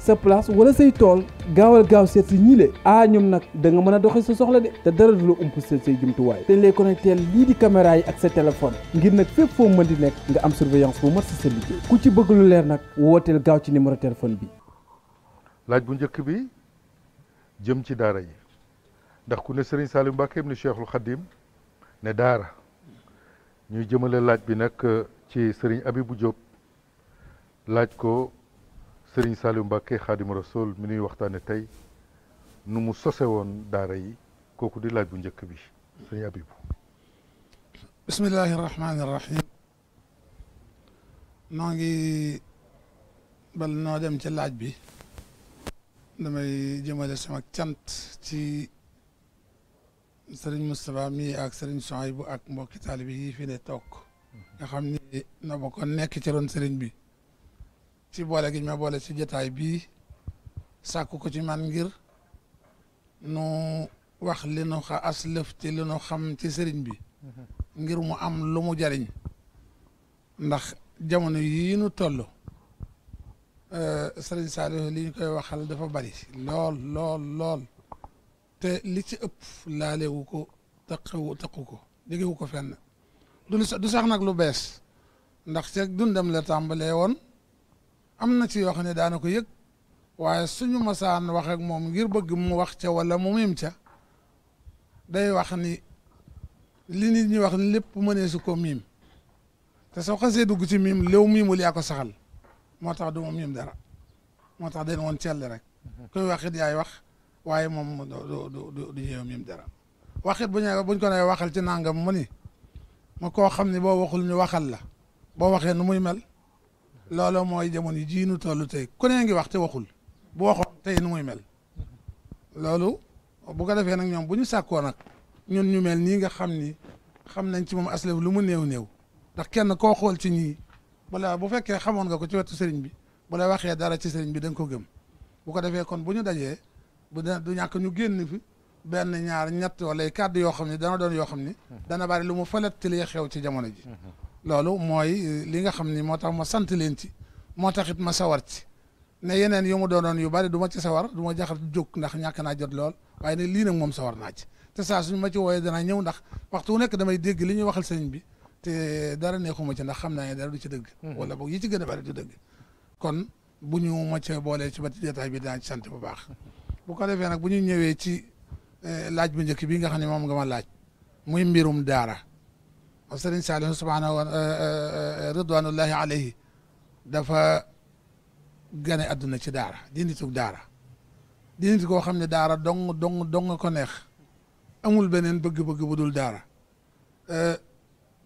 sa place wala say tool gaawal gaaw seet si ñi le ah ñoom nag danga mën a doxee sa soxla de te dara du la ump seet say jumtuwaay te ñu lay connecté lii di caméra yi ak sa téléphone ngir nag fépp foo mën di nekk nga am surveillance bu mat si ku ci bëgg leer nag wooteel gaaw ci numéro téléphone bi. laaj bu njëkk bi jëm ci daara yi ndax ku ne Serigne Saliou Mbacké ibn Cheikhul Khadim ne daara ñuy jëmale laaj bi nag ci Serigne bu Diop laaj ko. sëriñ Saliou Mbacké Xaadimu Rasuul mi nuy waxtaane tey nu mu sose woon daara yi kooku di laaj bu njëkk bi sëriñ Abibu bismillahi rahmaani rahim noo ngi bal noo dem ci laaj bi damay jëmale sama cant ci sëriñ Moustapha mi ak sëriñ bu ak mbokki taalibe yi fi ne toog nga xam ni na bokkoon nekk ci ron sëriñ bi ci boole gi ñu ma boole ci jotaay bii sàkku ko ci man ngir nu wax li nu xa aslëf ci li nu xam ci sëriñ bi ngir mu am lu mu jariñ ndax jamono yii nu toll euh, sëriñ Saliou li ñu koy waxal dafa bari lool lool te li ci ëpp laalewu ko taqewu taqu ko jegewu ko fenn du sax nag lu bees ndax ceeg dundam la tàmbalee woon am na ci yoo xam ne daana ko yëg waaye suñu masaan wax ak moom ngir bëgg mu wax ca wala mu mim ca day wax ni li nit ñi wax ni lépp mënee su ko miim te soo xasee dugg ci miim léw miimul yaa ko saxal moo tax du ma miim dara moo tax dañ woon cell rek kuy waxit yaay wax waaye moom du du ñëw miim dara waxit bu ñu buñ ko nee waxal ci nangam mu ni ma koo xam ne boo waxul ñu waxal la boo waxee nu muy mel looloo mooy jamoon yi nu toll tey ku ngi wax te waxul bu waxoon tey nu muy mel loolu bu ko defee nag ñoom bu ñu sàkkoo nag ñun ñu mel nii nga xam ni xam nañ ci moom aslef lu mu néew néew ndax kenn koo xool ci ñii bala bu fekkee xamoon nga ko ci wetu sëriñ bi bu la waxee dara ci sëriñ bi da nga ko gëm bu ko defee kon bu ñu dajee bu du ñàkk ñu génn fi benn ñaar ñett wala kàddu yoo xam ne dana doon yoo xam ne dana bari lu mu fëlet ci xew ci jamono ji loolu mooy euh, li nga xam ni moo tax ma sant leen ci moo tax it ma sawar ci ne yeneen yu mu doonoon yu bari du ma ci sawar du ma jaxat jóg ndax ñàkk naa jot lool waaye ne lii nag moom sawar naa ci te saa suñ ma ci wooyee danaa ñëw ndax waxtu wu nekk damay dégg li ñuy waxal sëñ bi te dara neexuma ci ndax xam naa ne dara du ci dëgg. Mhm. wala boog yi ci gën a bari du dëgg. kon bu ñu ma cee boolee ci ba jotaay bi dinaa ci sant bu baax bu ko defee nag bu ñu ñëwee ci euh, laaj bu njëkk bi nga xam ne moom nga ma laaj muy mbirum daara sëriñ Saliou subhaanahu wa eh, eh, eh, ridwanullahi alayhi dafa gane àdduna ci daara di nitug daara di nit koo xam ne daara dong dong dong ko neex amul beneen bëgg-bëgg bu dul daara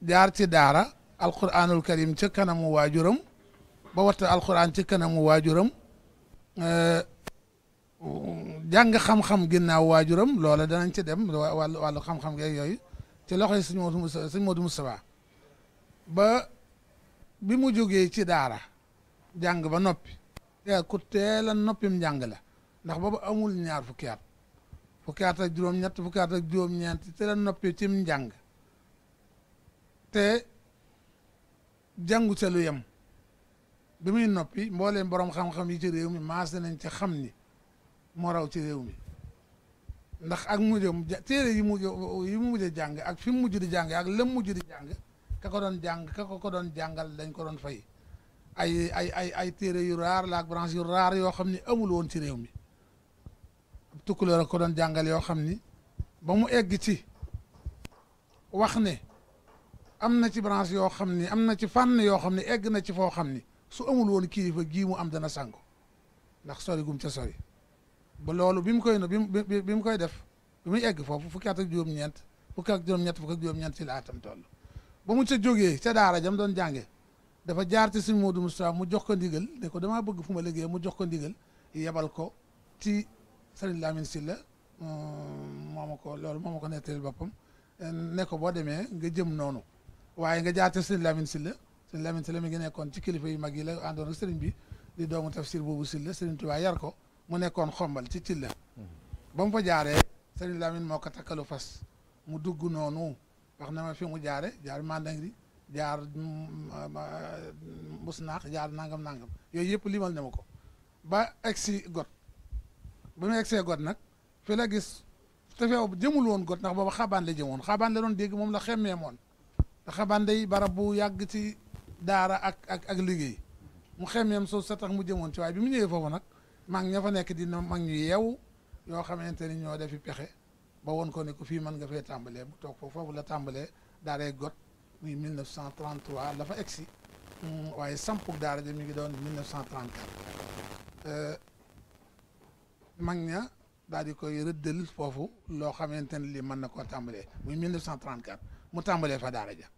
jaar ci daara alquranul karim ca kanamu waajuram ba watta alquran ci kanamu waajuram jàng xam-xam ginnaaw waajuram loola danañ ci dem wàllu wàllu xam-xam geeg yooyu ci loxo sëñ Modou Moustapha sëñ Modou Moustapha ba bi mu jógee ci daara jàng ba noppi yaa ku teel a noppim la ndax boobu amul ñaar fukki at fukki at ak juróom-ñett fukki at ak juróom-ñeent te la noppi cim njàng te jàngu ca yem bi muy noppi mbooleem boroom xam-xam yi ci réew mi maase nañ ca xam ni moo raw ci réew mi ndax ak mujjam téere yi mujj yi mu mujj jàng ak fi mu mujj di jàng ak lëm mujj di jàng ka ko doon jàng ka ko ko doon jàngal dañ ko doon fay ay ay ay ay téere yu raar la ak branche yu raar yoo xam ni amul woon ci réew mi tukkuleer a ko doon jàngal yoo xam ni ba mu egg ci wax ne am na ci branche yoo xam ni am na ci fànn yoo xam ne egg na ci foo xam ni su amul kii kilifa gii mu am dana sànku ndax sori gum ca sori ba loolu bi mu koy bi mu bi mu koy def muy egg foofu fukki at ak juróom-ñeent fukki ak juróom-ñett fukki ak juróom-ñeent ci la atam mu ca jógee ca daara jam doon jànge dafa jaar si suñ Modou Moustapha mu jox ko ndigal ne ko damaa bëgg fu ma liggéey mu jox ko ndigal yebal ko ci Serigne Lamine Sylla euh, moo ma ko loolu moo ko nettali boppam ne boo demee nga jëm noonu waaye nga jaar ci Serigne Lamine Sylla Serigne si la mi ngi nekkoon ci kilifa yu mag yi la àndoon ak Serigne bi di doomu tafsir boobu Sylla Serigne Touba yar ko mu nekkoon xombal ci cilla mm-hmm. ba mu fa jaaree sëriñ Lamine moo ko takkalu fas mu dugg noonu wax na ma fi mu jaare jaar mandangri jaar mbusnaax mm, mm, jaar nangam nangam yooyu yëpp limal na ma ko ba egsi got ba mu egsee got nag fi la gis te feew jëmul woon got ndax booba xabaan la jëmoon xabaan la doon dégg moom la xemmee moon te xabaan day barab bu yàgg ci daara ak ak ak liggéey mu xemmeem soosu sa tax mu jëmoon ci waaye bi mu ñëwee foofu nag mag ña fa nekk dina mag ñu yeewu yoo xamante ni ñoo defi pexe ba woon ko ne fii mën nga fee tàmbalee bu toog foofu la tàmbalee daaree got muy 1933 la fa egsi mm, waaye sampu daara ja mi ngi doon 1934 euh, mag ña daal di koy rëddal foofu loo xamante ne lii mën na koo tàmbalee muy 1934 mu tàmbalee fa daaraja ja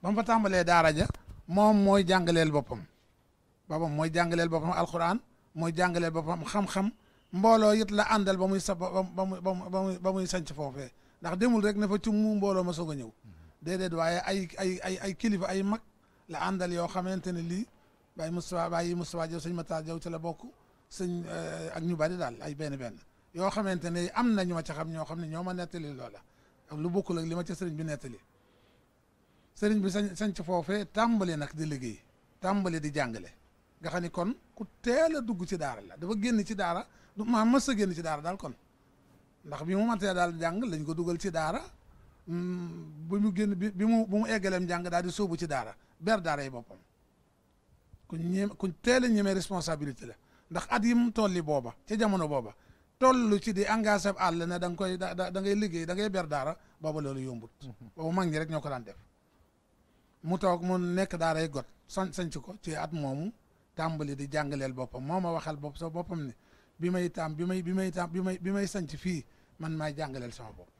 ba fa tàmbalee daara ja moom mooy jàngaleel boppam boppam mooy jàngaleel boppam alxuraan. muy jàngale boppam xam-xam mbooloo it la àndal ba muy sa ba ba muy ba foofee ndax demul rek ne fa ci mu mbooloo ma soog a ñëw mm-hmm. déedéet waaye ay ay ay kilifa ay mag la àndal yoo xamante ne lii bàyyi Moustapha bàyyi Moustapha Jaw sëñ Matar Jaw ci la bokk sëñ eh, ak ñu bari daal ay benn benn yoo xamante ne am na ñu ma ca xam ñoo xam ne ñoo ma nettali loola lu bokkul ak li ma ca sëriñ bi nettali sëriñ bi sañ sanc foofee tàmbali nag di liggéey tàmbali di jàngale nga xam ni kon ku teel a dugg ci daara la dafa génn ci daara du maa mës a génn ci daara daal kon ndax bi mu matee daal jàng lañ ko dugal ci daara mm, bu mu génn bi bi mu bu mu eggaleem daal di soobu ci daara ber daara yi boppam ku ñem ku teel a ñemee responsabilité la ndax at yi mu tolli booba ci jamono booba toll ci di engagé àll ne da nga koy da ngay liggéey da ngay ber daara booba loolu yombut. Mhm. boobu mag ñi rek ñoo ko daan def. mu toog mu nekk daaray got sañ sañ ci ko ci at moomu. tàmbali di jàngaleel boppam moo ma waxal bopp sa boppam ne bi may taam bi ma bi may taam bi may bi may sanc fii man maay jàngaleel sama bopp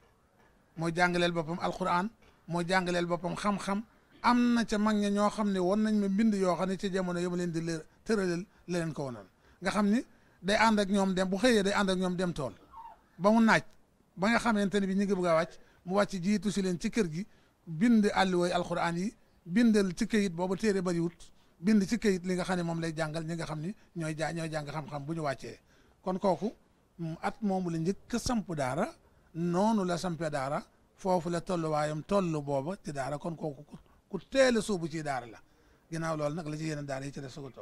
moo jàngaleel boppam al alquran moo jàngaleel boppam xam-xam am na ca mag ña ñoo xam ne won nañ ma mbind yoo xam ne ca jamono yi ma di le tëraleel la leen ko wonoon nga xam ni day ànd ak ñoom dem bu xëyee day ànd ak ñoom dem tool ba mu naaj ba nga xamante ne bi ñu ngi bëgg a wàcc mu wàcc jiitu si leen ci kër gi bind àlliwooy alquran yi bindal ci këyit boobu téere bind ci kayit li nga xam ne moom lay jàngal ñi nga xam ni ñooy jaa jàng xam-xam bu ñu wàccee kon kooku mm, at moomu la njëkk a samp daara noonu la sampe daara foofu la tolluwaayam tollu booba ci daara kon kooku ku teel a suubu ci daara la ginnaaw loolu nag la ci yeneen daara yi ci def soog a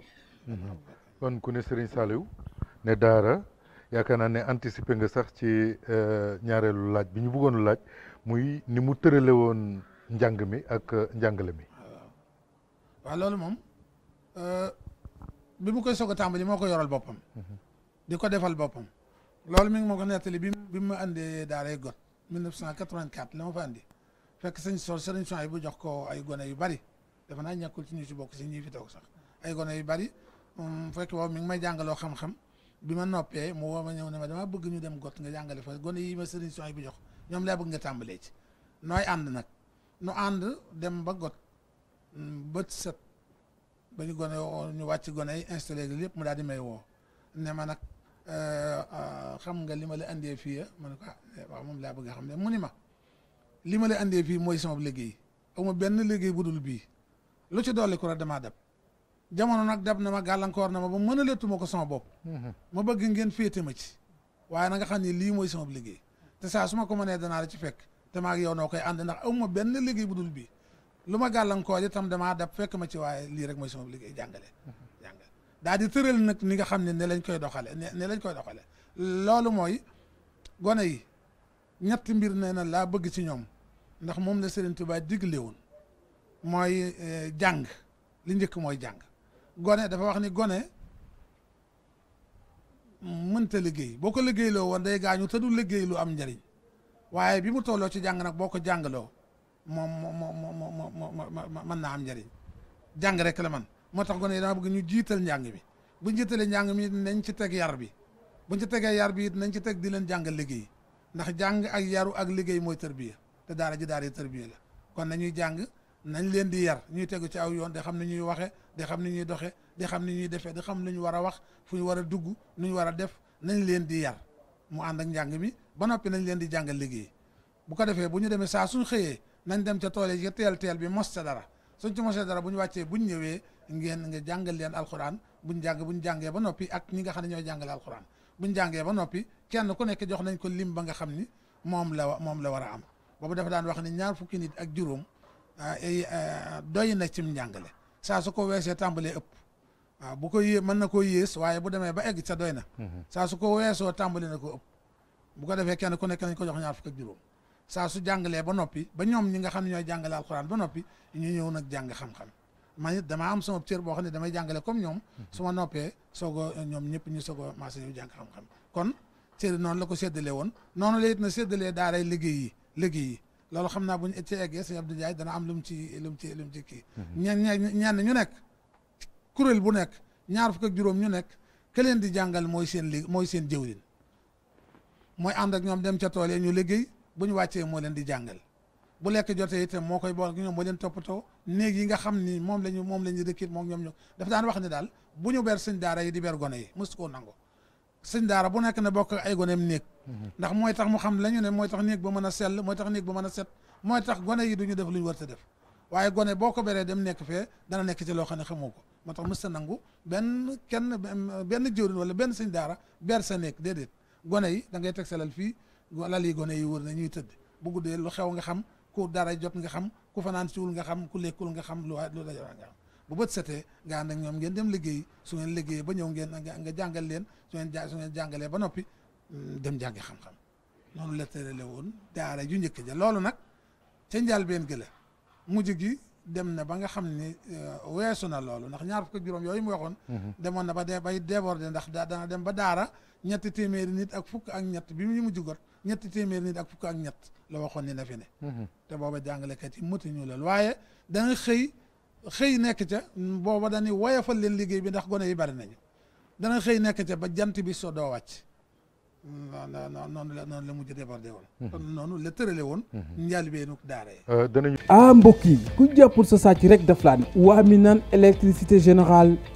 mm-hmm. kon ku ne Serigne Saliou ne daara yaakaar naa ne anticiper nga sax ci euh, ñaareelu laaj bi ñu buggoonu laaj muy ni mu tërale woon njàng mi ak euh, njàngale mi waaw loolu moom Euh, bi mu koy soog a tàmbali moo ko yoral boppam di ko defal boppam loolu mi mo ko nettali bi bi mu andee daaray got 1984 la ma fa andi fekk sëñ sol sëriñ son yi bu jox ko ay gone yu bari dafa naa ñàkkul ci bokk si ñi fi toog sax ay gone yu bari mu mm, fekk boobu mi ngi may jàngaloo xam bi ma noppee mu woo ma ñëw ne ma damaa bëgg ñu dem got nga jàngale fa gone yi ma sëriñ son yi bu jox ñoom laa bëgg nga tàmbalee ci nooy ànd nag ànd dem ba got mm, bët ba ñu gone ñu wàcc gone yi installé lépp mu daal di may woo ne ma nag euh, xam nga li ma la andee fii ah ma ne ko ah eh, moom laa bëgg a xam ne mu ni ma li ma la andee fii mooy sama liggéey amul benn liggéey bu dul bii lu ci dolli ko rek damaa dab jamono nag dab na ma gàllankoor na ma ba mën a lettuma ko sama bopp. Mm-hmm. ma bëgg ngeen féete ma ci. waaye na nga xam ne lii mooy sama liggéey te saa su ma ko mënee danaa la ci fekk te maa ak koy ànd ndax amuma benn liggéey bu dul bii. lu ma gàllankoor itam damaa dab fekk ma ci waaye lii rek mooy sama liggéey jàngale jàngale daal di tëral nag ni nga xam ne ne lañ koy doxale ne lañ koy doxale loolu mooy gone yi ñetti mbir nee na laa bëgg ci ñoom ndax moom la ti Touba digle woon mooy e, jàng li njëkk mooy jàng gone dafa wax ni gone mënta liggéey boo ko liggéeyloo woon day gaañu te du liggéey lu am njariñ waaye bi mu tolloo ci jàng nag boo ko jàngaloo moom moo moo moo moo mën naa am njëriñ jàng rek la man moo tax gone yi daa bëgg ñu jiital njàng bi bu ñu jiitalee mi nañ ci teg yar bi bu ci tegee yar bi it nañ ci teg di leen jàngal liggéey ndax jàng ak yaru ak liggéey mooy tërbiya te daara ji daara tërbiya la kon na nañuy jàng nañ leen di yar ñuy tegu ci aw yoon di xam ni ñuy waxee di xam ni ñuy doxee di xam ni ñuy defee di xam lu ñu war a wax fu ñu war a dugg nu ñu war a def nañ leen di yar mu ànd ak njàng mi ba noppi nañ leen di jàngal liggéey bu ko defee bu ñu demee saa suñ xëyee nañ dem ca tool yi teel teel bi mos ca dara suñ ci mosee dara bu ñu bu buñ ñëwee ngeen nga jàngal leen alxuraan buñ jàng buñ jàngee ba noppi ak ñi nga xam ne ñooy jàngale alxuraan buñ jàngee ba noppi kenn ku nekk jox nañ ko lim ba nga xam ni moom la moom la war a am boobu dafa daan wax ni ñaar fukki nit ak juróom eh, eh, doy na cim njàngale saa su ko weesee tàmbalee ëpp waaw bu ko yée mën na koo yées waaye bu demee ba egg ca doy na mhm. saa su ko weesoo tàmbali na ko ëpp bu ko defee kenn ku nekk nañ ko jox ñaar fukk ak juróom saa su jàngalee ba noppi ba ñoom ñi nga xam ñooy jàngale alxuraan ba noppi ñu ñëw nag jàng xam-xam man it damaa am soo cër boo xam ne damay jàngale comme ñoom su ma noppee soog a ñoom ñëpp ñu soog a maase ñëw xam-xam kon cër noonu la ko séddalee woon noonu la it na séddalee daaray liggéey yi liggéey yi loolu xam naa bu ñu ci eggee sëñ Abdou dana am lu mu ci lu mu ci lu mu ci kii mhm. ñen ñenn ñu nekk kuréel bu nekk ñaar fukk juróom ñu nekk ke di jàngal mooy seen li mooy seen jëwlin ànd ak ñoom dem ca tool yi ñu liggéey bu ñu wàccee moo leen di jàngal bu lekk jotee itam moo koy bool ak ñoom moo leen toppatoo néeg yi nga xam ni moom lañu moom lañu dëkkit moom ñoom ñoom dafa daan wax ne daal bu ñu ber sëñ daara yi ber gone yi mësu koo nango sëñ daara bu ne bokk ay goneem néeg mhm. ndax mooy tax mu xam la ñu ne mooy tax néeg ba mën a sell mooy tax néeg ba mën a set mooy tax gone yi duñu def lu ñu war a def waaye gone boo ko dem nekk fee dana nekk ci loo xam ne xamoo ko moo tax mës ta nangu benn kenn benn jëwrin wala benn sëñ daara ber sa néeg déedéet gone yi da ngay tegsalal fii lal yi gone yi wër na ñuy tëdd bu guddee lu xew nga xam ku dara jot nga xam ku fanaan siwul nga xam ku lekkul nga xam lu lu dajawaa nga xam bu bët setee nga ànd ak ñoom ngeen dem liggéey su ngeen liggéey ba ñëw ngeen nga jàngal leen su ngeen ja jàngalee ba noppi euh, dem jàngi xam-xam noonu la tërale woon daara ju njëkk ja loolu nag ca njaal benn gëla mujj gi dem na ba nga xam ni euh, weesu na loolu ndax ñaar fukk ak juróom yooyu mu waxoon mhm. demoon na ba dee bay déborder ndax daa dana dem ba daara ñetti téeméeri nit ak fukk ak ñett bi mu mujj got ñetti téeméeri nit ak fukk ak ñett la waxoon ni na fi ne mhm. te booba jàngalekat yi matuñu loolu waaye danga xëy xëy nekk ca booba dañuy woyofal leen liggéey bi ndax gone yi bari nañu dana xëy nekk ca ba jant bi soo doo wàcc noonu la noonu la mujj débordé woon. Mhm. kon noonu la tërale woon. Mhm. njaalbéenu daara yi. Euh, danañu. ah mbokk yi ku jàppul sa sàcc rek daf laa ne. waa mi naan électricité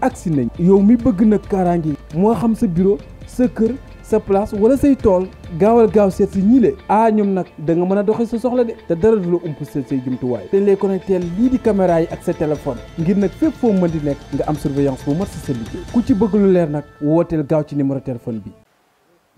ak si nañ. yow mi bëgg nag kaaraange moo xam sa bureau sa kër sa place wala say tool gaawal gaaw seet si ñi le ah ñoom nag da nga mën a doxee sa soxla de te dara du la ump seet say jumtuwaay. te ñu lay connecté lii di caméra yi ak sa téléphone ngir nag fépp foo mën di nekk nga am surveillance bu mat si sa liggéey ku ci bëgg lu leer nag wooteel gaaw ci numéro téléphone bi.